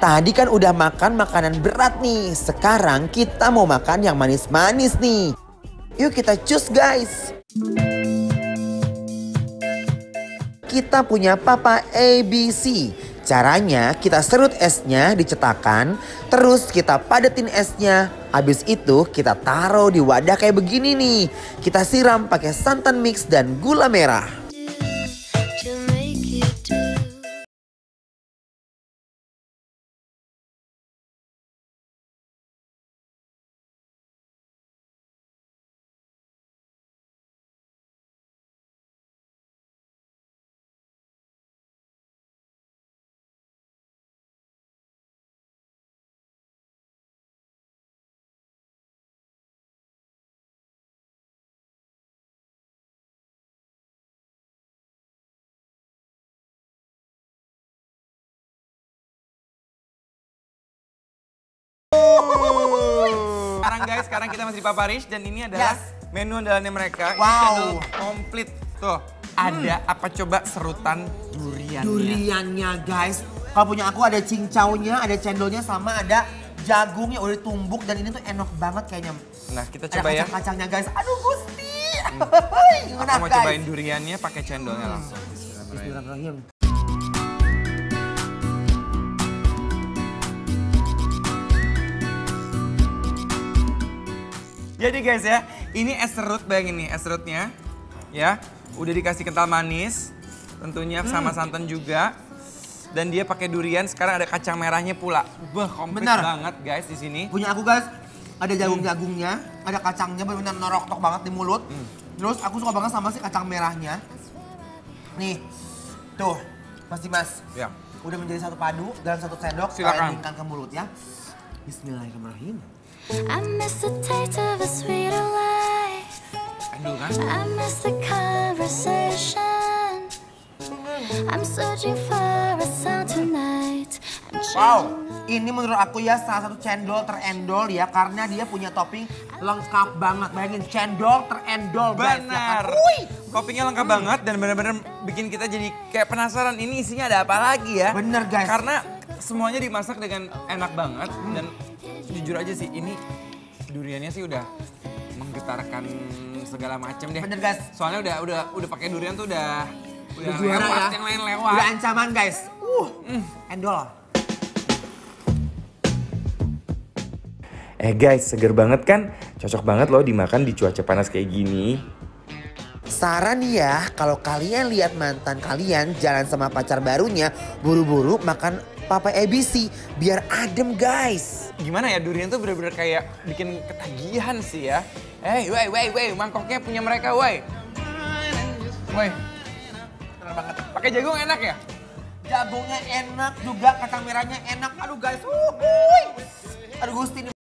Tadi kan udah makan makanan berat nih. Sekarang kita mau makan yang manis-manis nih. Yuk kita cus guys. Kita punya papa ABC. Caranya kita serut esnya dicetakan, terus kita padetin esnya. Habis itu kita taruh di wadah kayak begini nih. Kita siram pakai santan mix dan gula merah. guys, sekarang kita masih di Papa Rich dan ini adalah yes. menu andalannya mereka. Wow. komplit. Tuh, ada hmm. apa coba serutan durian. Duriannya guys. Kalau punya aku ada cincaunya, ada cendolnya, sama ada jagungnya udah tumbuk dan ini tuh enak banget kayaknya. Nah kita coba ada ya. kacang kacangnya guys. Aduh gusti. Hmm. Aku mau cobain duriannya pakai cendolnya hmm. langsung. Bismillahirrahmanirrahim. Jadi guys ya, ini es serut bayangin nih es serutnya. Ya, udah dikasih kental manis tentunya hmm. sama santan juga. Dan dia pakai durian, sekarang ada kacang merahnya pula. Wah, komplit banget guys di sini. Punya aku guys, ada hmm. jagung-jagungnya, ada kacangnya benar-benar norok-tok banget di mulut. Hmm. Terus aku suka banget sama si kacang merahnya. Nih, tuh, Pasti Mas Ya. Udah menjadi satu padu dalam satu sendok. Silakan. ke mulut ya. Bismillahirrahmanirrahim. I miss the taste of a sweeter life. I miss the conversation. Wow, ini menurut aku ya salah satu cendol terendol ya karena dia punya topping lengkap banget. Bayangin cendol terendol ya kan? benar. Toppingnya lengkap hmm. banget dan benar-benar bikin kita jadi kayak penasaran ini isinya ada apa lagi ya. Bener guys. Karena semuanya dimasak dengan oh. enak banget hmm. dan jujur aja sih ini duriannya sih udah menggetarkan segala macam deh. Bener guys. Soalnya udah udah udah pakai durian tuh udah udah lewat, ya. yang lain lewat. Udah ancaman guys. Uh, mm. endol. Eh guys, seger banget kan? Cocok banget loh dimakan di cuaca panas kayak gini. Saran ya, kalau kalian lihat mantan kalian jalan sama pacar barunya, buru-buru makan Papa ABC biar adem guys. Gimana ya durian tuh bener-bener kayak bikin ketagihan sih ya. Eh, hey, wey, wey, wey, mangkoknya punya mereka, wey. Wey, enak banget. Pakai jagung enak ya? Jagungnya enak juga, kacang merahnya enak. Aduh guys, wuhui. Aduh Gusti